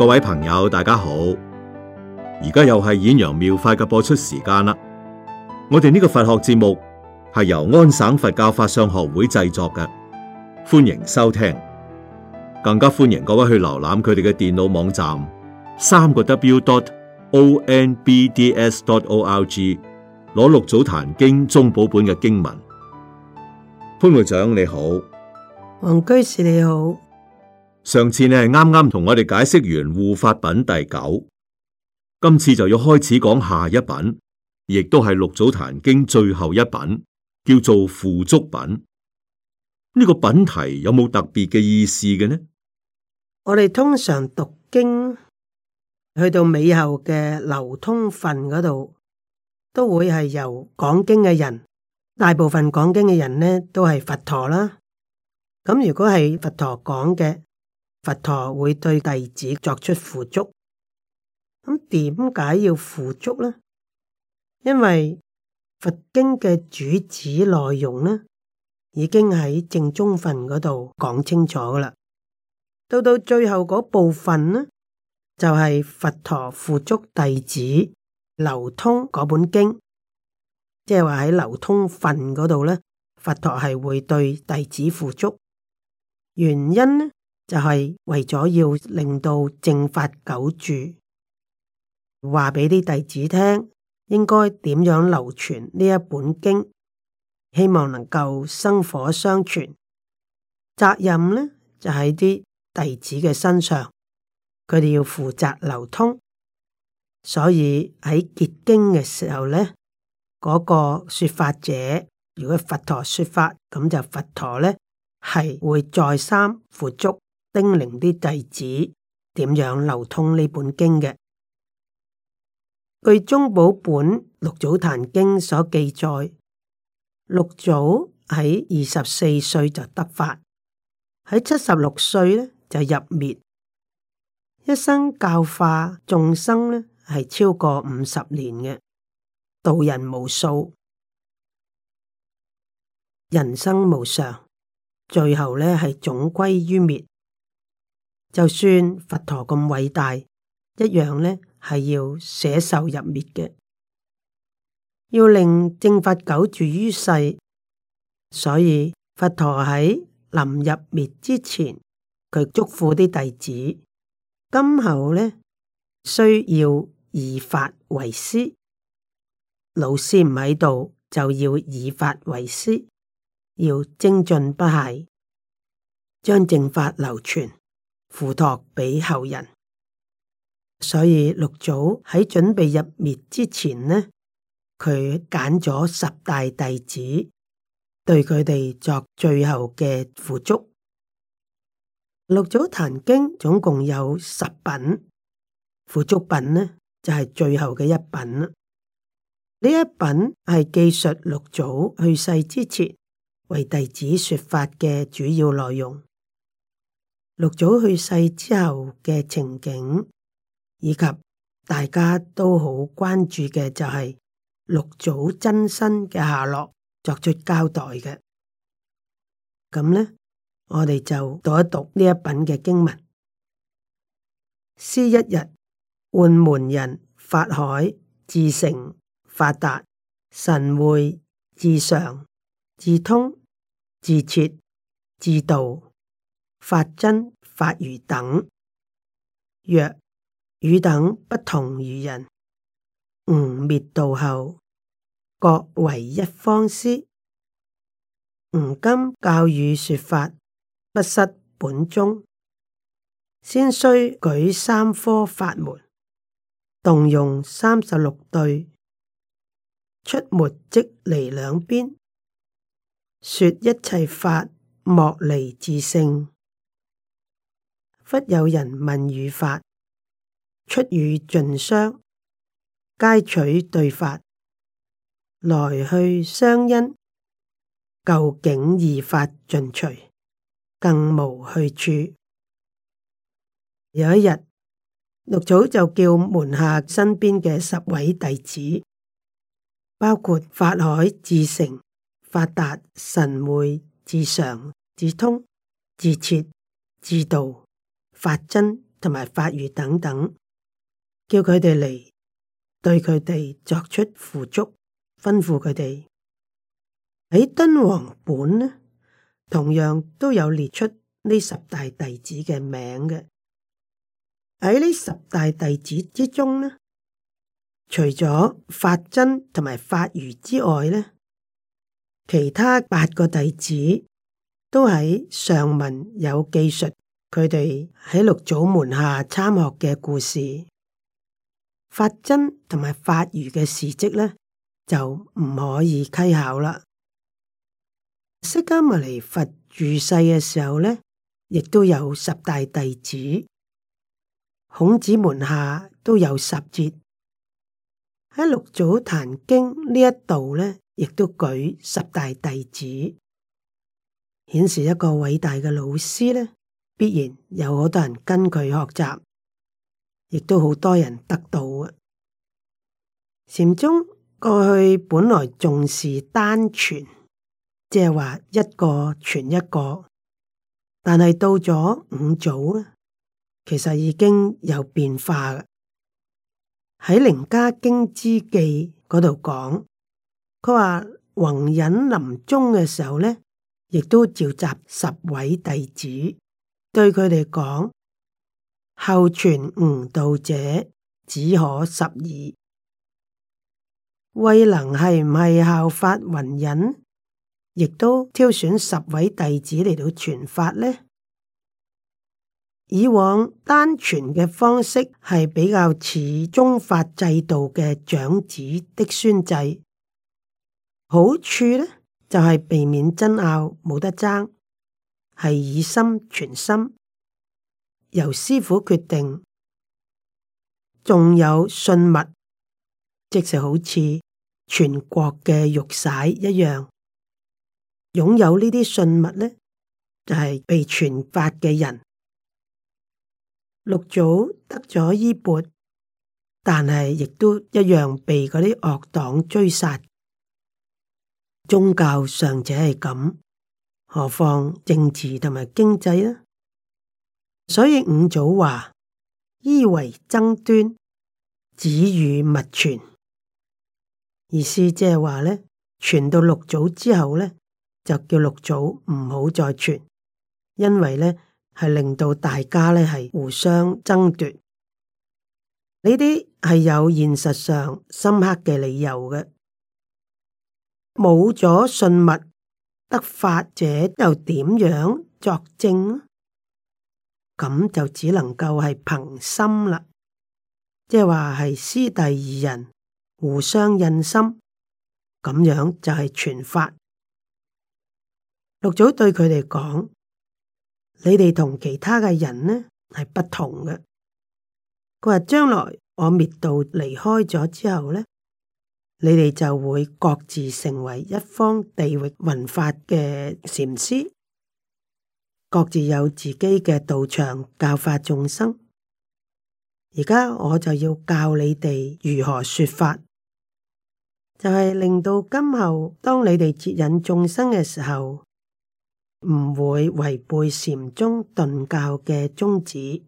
各位朋友，大家好！而家又係《演揚妙法》嘅播出時間啦。我哋呢個佛學節目係由安省佛教法相學會製作嘅，歡迎收聽。更加歡迎各位去瀏覽佢哋嘅電腦網站：三個 W dot O N B D S dot O L G，攞《六祖壇經》宗寶本嘅經文。潘會長你好，黃居士你好。上次你係啱啱同我哋解釋完護法品第九，今次就要開始講下一品，亦都係六祖壇經最後一品，叫做付囑品。呢個品題有冇特別嘅意思嘅呢？我哋通常讀經去到尾後嘅流通分嗰度，都會係由講經嘅人，大部分講經嘅人呢，都係佛陀啦。咁如果係佛陀講嘅。佛陀會對弟子作出付囑，咁點解要付囑呢？因為佛經嘅主旨內容呢，已經喺正宗份嗰度講清楚啦。到到最後嗰部分呢，就係、是、佛陀付囑弟子流通嗰本經，即係話喺流通份嗰度呢，佛陀係會對弟子付囑原因呢？就係為咗要令到正法久住，話畀啲弟子聽應該點樣流傳呢一本經，希望能夠生火相傳。責任呢，就喺啲弟子嘅身上，佢哋要負責流通。所以喺結經嘅時候呢，嗰個說法者，如果佛陀說法，咁就佛陀呢，係會再三付囑。叮嚀啲弟子點樣流通呢本經嘅？據宗寶本六祖壇經所記載，六祖喺二十四歲就得法，喺七十六歲咧就入滅，一生教化眾生咧係超過五十年嘅，度人無數，人生無常，最後呢係總歸於滅。就算佛陀咁偉大，一樣呢係要捨壽入滅嘅，要令正法久住於世。所以佛陀喺臨入滅之前，佢囑咐啲弟子，今後呢，需要以法為師，老師唔喺度就要以法為師，要精進不懈，將正法流傳。付託畀後人，所以六祖喺準備入滅之前呢，佢揀咗十大弟子，對佢哋作最後嘅咐囑。六祖壇經總共有十品，咐囑品呢就係、是、最後嘅一品。呢一品係記述六祖去世之前為弟子說法嘅主要內容。六祖去世之後嘅情景，以及大家都好關注嘅就係六祖真身嘅下落，作出交代嘅。咁咧，我哋就讀一讀呢一品嘅經文。師一日喚門人法海、自成、法達、神會、自常、自通、自徹、自道。.法真法如等，若與等不同於人，吾滅道後，各為一方師。吾今教汝說法，不失本宗，先須舉三科法門，動用三十六對，出沒即離兩邊，說一切法，莫離自性。忽有人問語法，出語盡雙，皆取對法，來去相因，究竟二法盡除，更無去處。有一日，六祖就叫門下身邊嘅十位弟子，包括法海、志誠、法達、神會、智常、志通、志徹、志道。法真同埋法如等等，叫佢哋嚟，對佢哋作出付囑，吩咐佢哋。喺敦煌本呢，同樣都有列出呢十大弟子嘅名嘅。喺呢十大弟子之中呢，除咗法真同埋法如之外呢，其他八個弟子都喺上文有記述。佢哋喺六祖門下參學嘅故事，法真同埋法如嘅事跡咧，就唔可以稽考啦。釋迦牟尼佛住世嘅時候咧，亦都有十大弟子。孔子門下都有十哲。喺六祖壇經呢一度咧，亦都舉十大弟子，顯示一個偉大嘅老師咧，必然有好多人跟佢學習，亦都好多人得到啊。禪宗過去本來重視單傳，即係話一個傳一個，但係到咗五祖呢，其實已經有變化。喺《凌家經之記》嗰度講，佢話弘忍臨終嘅時候呢，亦都召集十位弟子。對佢哋講，後傳悟道者只可十二，慧能係唔係效法雲隱，亦都挑選十位弟子嚟到傳法呢？以往單傳嘅方式係比較似宗法制度嘅長子的宣制，好處呢，就係、是、避免爭拗，冇得爭。係以心傳心，由師傅決定。仲有信物，即係好似全國嘅玉璽一樣。擁有呢啲信物呢，就係、是、被傳法嘅人。六祖得咗衣鉢，但係亦都一樣被嗰啲惡黨追殺。宗教上者係咁。何況政治同埋經濟啊，所以五祖話衣為爭端，止汝勿傳，意思即係話咧，傳到六祖之後呢，就叫六祖唔好再傳，因為呢係令到大家呢係互相爭奪，呢啲係有現實上深刻嘅理由嘅，冇咗信物。得法者又點樣作證呢？咁就只能夠係憑心啦，即係話係師弟二人互相印心，咁樣就係傳法。六祖對佢哋講：你哋同其他嘅人呢係不同嘅。佢話將來我滅度離開咗之後呢，你哋就會各自成為一方地域文化嘅禪師，各自有自己嘅道場教化眾生。而家我就要教你哋如何說法，就係、是、令到今後當你哋接引眾生嘅時候，唔會違背禪宗頓教嘅宗旨。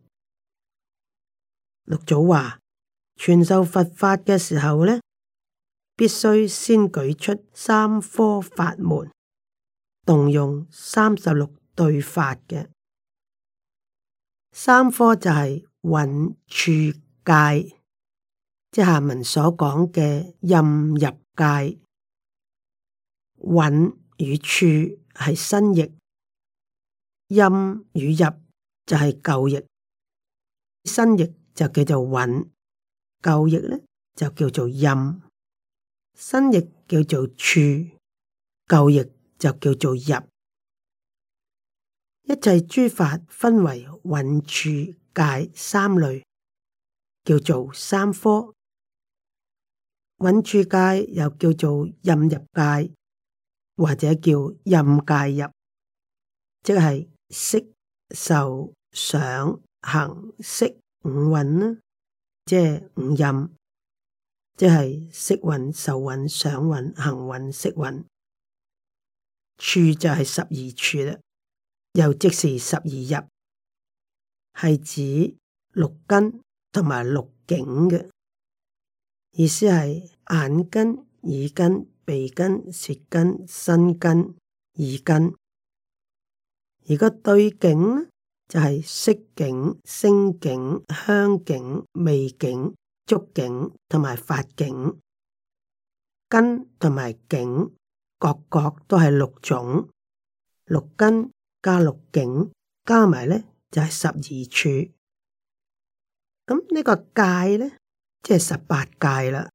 六祖話傳授佛法嘅時候呢，必須先舉出三科法門，動用三十六對法嘅三科就係蘊處界，即下文所講嘅陰入界。蘊與處係新譯，陰與入就係舊譯。新譯就叫做蘊，舊譯咧就叫做陰。新譯叫做處，舊譯就叫做入。一切諸法分為蘊處界三類，叫做三科。蘊處界又叫做陰入界，或者叫陰界入，即係色受想行識五蘊，即係五陰。即係識色運、受運、想運、行運、識運。處就係十二處啦，又即是十二入，係指六根同埋六境嘅意思，係眼根、耳根、鼻根、舌根、身根、意根。而個對境呢，就係、是、色境、聲境、香境、味境。觸境同埋法境。根同埋境各各都係六種，六根加六境加埋咧，就係、是、十二處。咁呢個界咧，即係十八界啦，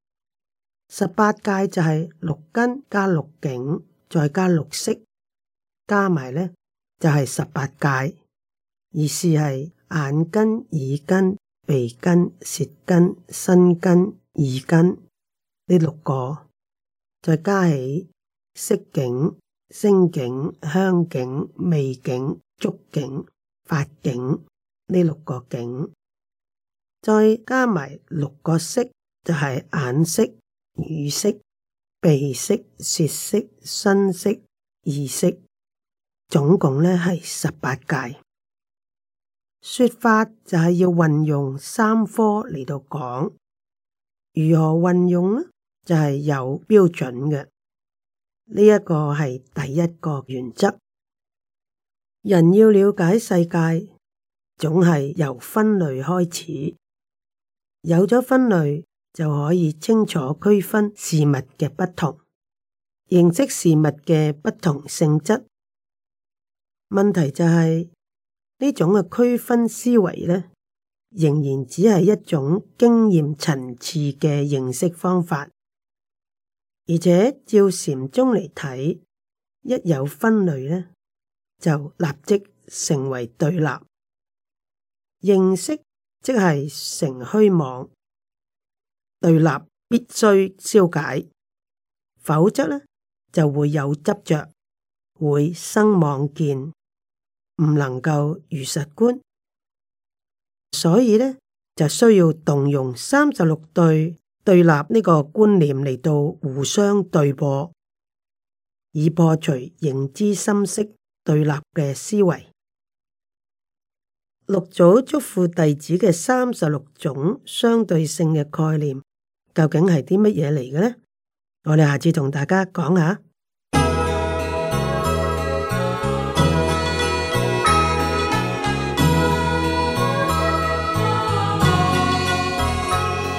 十八界就係六根加六境再加六識，加埋咧，就係、是、十八界。意思係眼根、耳根。鼻根、舌根、身根、耳根，呢六個，再加起色境、聲境、香境、味境、觸境、法境，呢六個境，再加埋六個識，就係、是、眼識、耳識、鼻識、舌識、身識、意識，總共呢係十八界。說法就係要運用三科嚟到講，如何運用呢？就係、是、有標準嘅。呢、這、一個係第一個原則。人要了解世界，總係由分類開始。有咗分類，就可以清楚區分事物嘅不同，認識事物嘅不同性質。問題就係、是。呢種嘅區分思維咧，仍然只係一種經驗層次嘅認識方法，而且照禪宗嚟睇，一有分類咧，就立即成為對立，認識即係成虛妄，對立必須消解，否則咧，就會有執着，會生妄見。唔能夠如實觀，所以呢就需要動用三十六對對立呢個觀念嚟到互相對破，以破除認知心識對立嘅思維。六祖囑咐弟子嘅三十六種相對性嘅概念，究竟係啲乜嘢嚟嘅呢？我哋下次同大家講下。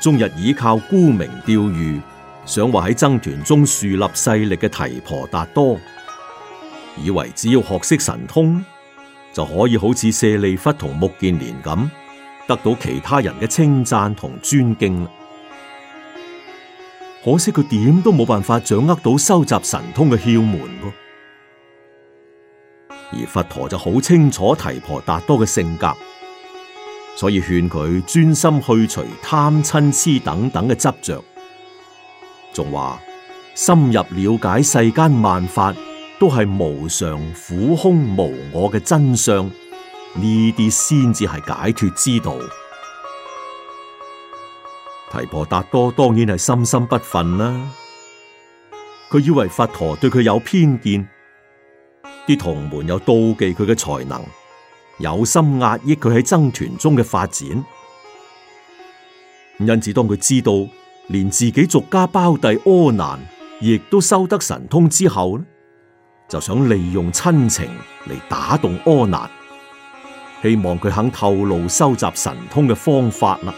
終日倚靠沽名釣譽，想話喺僧團中樹立勢力嘅提婆達多，以為只要學識神通，就可以好似舍利弗同目犍連咁，得到其他人嘅稱讚同尊敬。可惜佢點都冇辦法掌握到收集神通嘅竅門噃，而佛陀就好清楚提婆達多嘅性格。所以勸佢專心去除貪嗔痴等等嘅執着，仲話深入了解世間萬法都係無常、苦空、無我嘅真相，呢啲先至係解脫之道。提婆達多當然係心心不忿啦，佢以為佛陀對佢有偏見，啲同門有妒忌佢嘅才能。有心壓抑佢喺僧團中嘅發展，因此當佢知道連自己俗家胞弟柯南亦都修得神通之後，就想利用親情嚟打動柯南，希望佢肯透露修習神通嘅方法啦。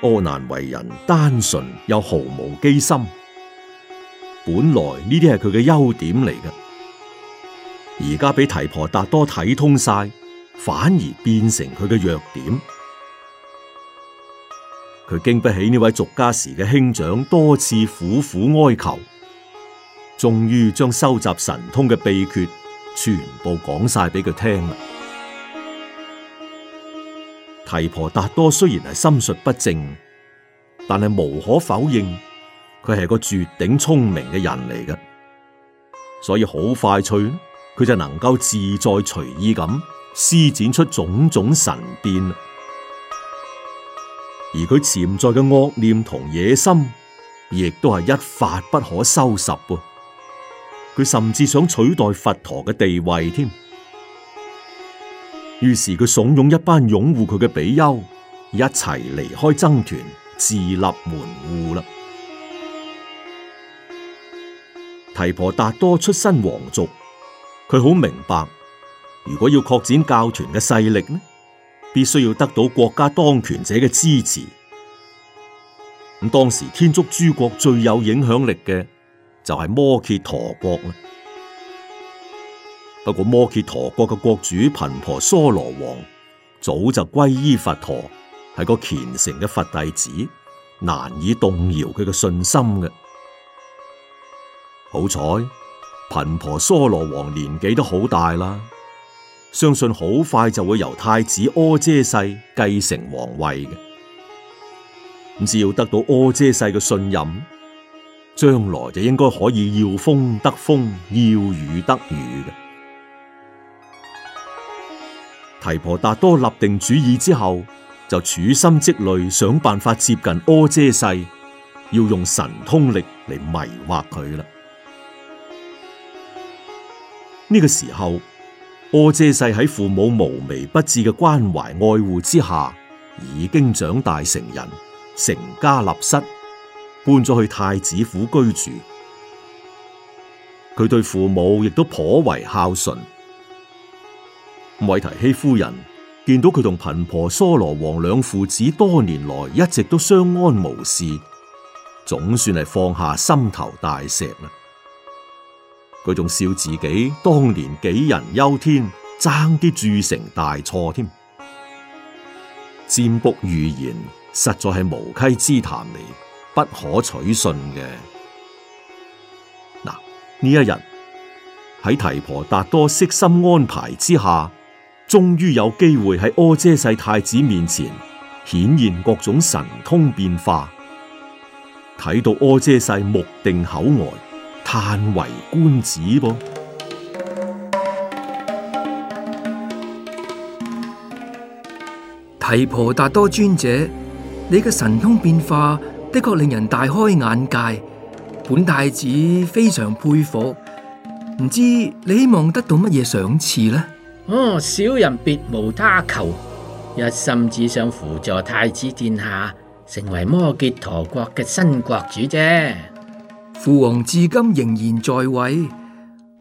柯南為人單純又毫無機心，本來呢啲係佢嘅優點嚟嘅。而家俾提婆達多睇通晒，反而變成佢嘅弱點。佢經不起呢位俗家時嘅兄長多次苦苦哀求，終於將收集神通嘅秘訣全部講晒俾佢聽。提婆達多雖然係心術不正，但係無可否認，佢係個絕頂聰明嘅人嚟嘅，所以好快脆。佢就能夠自在隨意咁施展出種種神變，而佢潛在嘅惡念同野心，亦都係一發不可收拾喎。佢甚至想取代佛陀嘅地位添。於是佢慫恿一班擁護佢嘅比丘，一齊離開僧團，自立門戶啦。提婆達多出身皇族。佢好明白，如果要擴展教團嘅勢力呢，必須要得到國家當權者嘅支持。咁當時天竺諸國最有影響力嘅就係、是、摩羯陀國啦。不過摩羯陀國嘅國主頻婆娑羅王早就皈依佛陀，係個虔誠嘅佛弟子，難以動搖佢嘅信心嘅。好彩。頻婆娑羅王年紀都好大啦，相信好快就會由太子阿遮世繼承皇位嘅。只要得到阿遮世嘅信任，將來就應該可以要風得風，要雨得雨嘅。提婆達多立定主意之後，就處心積慮想辦法接近阿遮世，要用神通力嚟迷惑佢啦。呢個時候，阿闍世喺父母無微不至嘅關懷愛護之下，已經長大成人，成家立室，搬咗去太子府居住。佢對父母亦都頗為孝順。韋提希夫人見到佢同頻婆娑羅王兩父子多年來一直都相安無事，總算係放下心頭大石啦。佢仲笑自己當年杞人憂天，爭啲鑄成大錯添。占卜預言實在係無稽之談嚟，不可取信嘅。嗱，呢一日喺提婆達多悉心安排之下，終於有機會喺阿闍世太子面前顯現各種神通變化，睇到阿闍世目定口呆。嘆為觀止噃！提婆達多尊者，你嘅神通變化的確令人大開眼界，本太子非常佩服。唔知你希望得到乜嘢賞賜呢？哦，小人別無他求，一心只想輔助太子殿下成為摩揭陀國嘅新國主啫。父王至今仍然在位，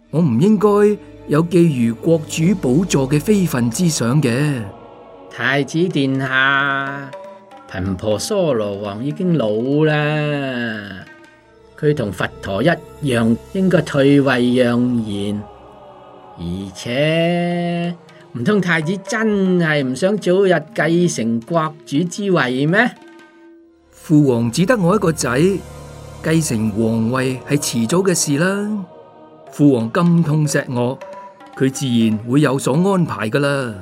我唔應該有覬覦國主寶座嘅非分之想嘅。太子殿下，頻婆娑羅王已經老啦，佢同佛陀一樣，應該退位讓賢。而且，唔通太子真係唔想早日繼承國主之位咩？父王只得我一個仔。繼承皇位係遲早嘅事啦，父王咁痛錫我，佢自然會有所安排噶啦。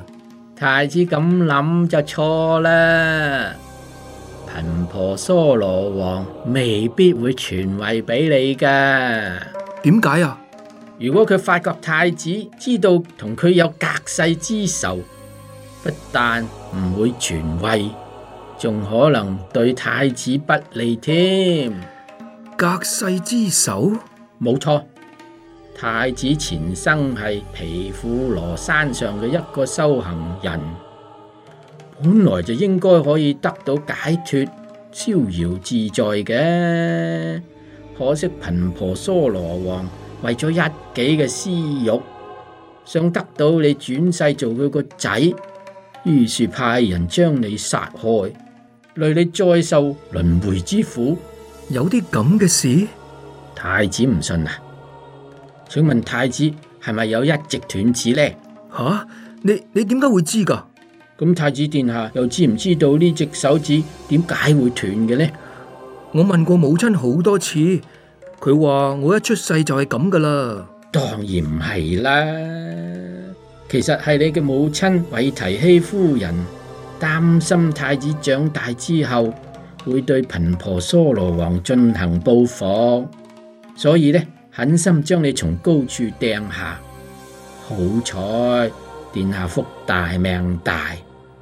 太子咁諗就錯啦，頻婆娑羅王未必會傳位俾你噶。點解啊？如果佢發覺太子知道同佢有隔世之仇，不但唔會傳位，仲可能對太子不利添。隔世之仇，冇錯。太子前生係皮富羅山上嘅一個修行人，本來就應該可以得到解脫、逍遙自在嘅。可惜貧婆娑羅王為咗一己嘅私欲，想得到你轉世做佢個仔，於是派人將你殺害，累你再受輪回之苦。有啲咁嘅事，太子唔信啊！請問太子係咪有一隻斷指呢？吓、啊，你你點解會知噶？咁太子殿下又知唔知道呢隻手指點解會斷嘅呢？我問過母親好多次，佢話我一出世就係咁噶啦。當然唔係啦，其實係你嘅母親韋提希夫人擔心太子長大之後。會對頻婆娑羅王進行報復，所以呢狠心將你從高處掟下。好彩殿下福大命大，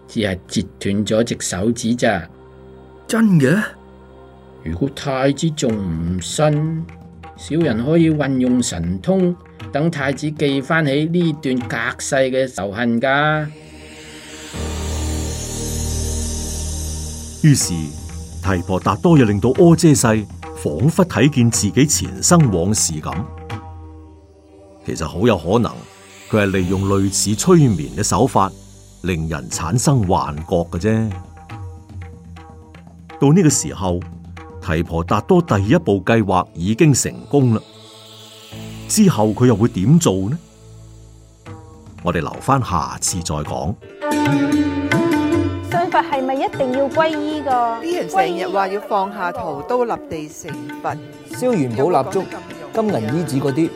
只係折斷咗隻手指咋？真嘅？如果太子仲唔信，小人可以運用神通，等太子記翻起呢段隔世嘅仇恨噶。於是。提婆達多又令到阿闍世仿佛睇見自己前生往事咁，其實好有可能佢係利用類似催眠嘅手法，令人產生幻覺嘅啫。到呢個時候，提婆達多第一步計劃已經成功啦。之後佢又會點做呢？我哋留翻下次再講。信佛係咪一定要皈依噶？啲人成日話要放下屠刀立地成佛，燒元寶蠟燭、金銀衣紙嗰啲，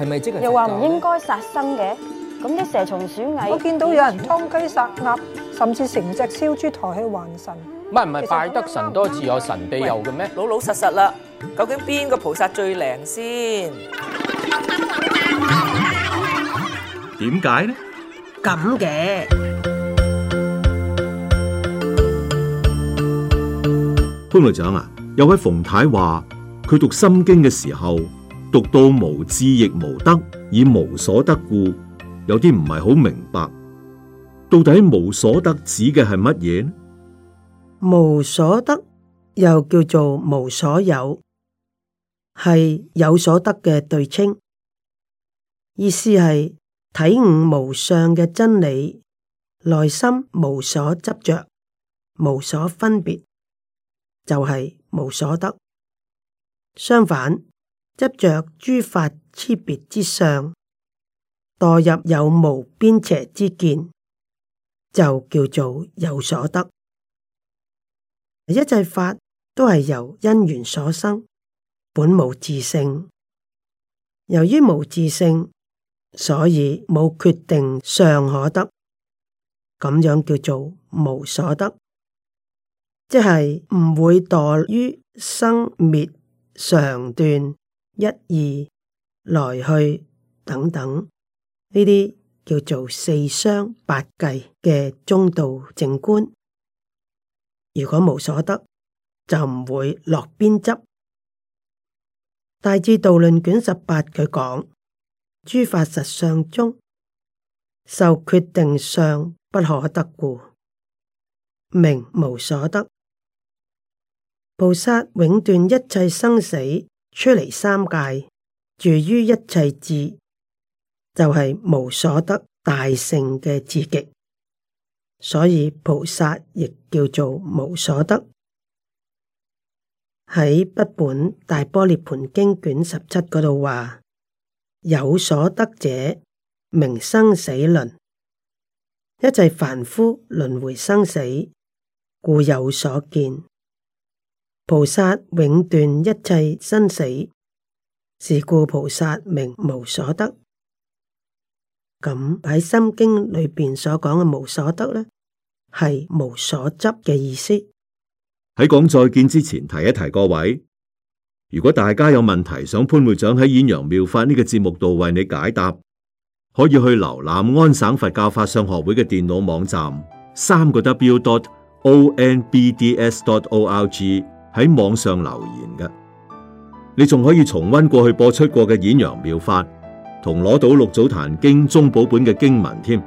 係咪即係？又話唔應該殺生嘅，咁啲蛇蟲鼠蟻，我見到有人劏雞殺鴨，甚至成隻燒豬抬去還神。唔係唔係，拜得神多自有神庇佑嘅咩？老老實實啦，究竟邊個菩薩最靈先？點解呢？咁嘅。潘律長啊，有位馮太話佢讀《心經》嘅時候，讀到無智亦無得，以無所得故，有啲唔係好明白，到底無所得指嘅係乜嘢呢？無所得又叫做無所有，係有所得嘅對稱，意思係體悟無上嘅真理，內心無所執著，無所分別。就係無所得，相反執着諸法差別之相，墮入有無邊邪之見，就叫做有所得。一切法都係由因緣所生，本無自性。由於無自性，所以冇決定尚可得，咁樣叫做無所得。即係唔會墮於生滅、常斷、一異、來去等等呢啲叫做四雙八計嘅中道正觀。如果無所得，就唔會落邊執。大智度論卷十八佢講：諸法實相中，受決定相不可得故，名無所得。菩薩永斷一切生死，出離三界，住於一切智，就係無所得大乘嘅至極。所以菩薩亦叫做無所得。喺北本大般涅槃經卷十七嗰度話：有所得者，名生死輪。一切凡夫輪回生死，故有所見。菩薩永斷一切生死，是故菩薩名無所得。咁喺《心經》裏邊所講嘅無所得呢，係無所執嘅意思。喺講再見之前，提一提各位，如果大家有問題想潘會長喺《演揚妙法》呢個節目度為你解答，可以去瀏覽安省佛教法商學會嘅電腦網站，三個 w dot o n b d s dot o r g。喺網上留言嘅，你仲可以重溫過去播出過嘅演揚妙法，同攞到六祖壇經宗寶本嘅經文添。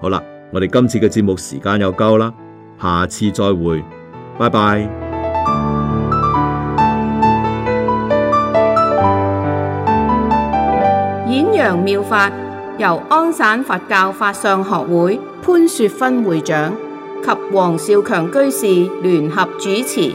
好啦，我哋今次嘅節目時間又夠啦，下次再會，拜拜。演揚妙法由安省佛教法相學會潘雪芬會長及黃少強居士聯合主持。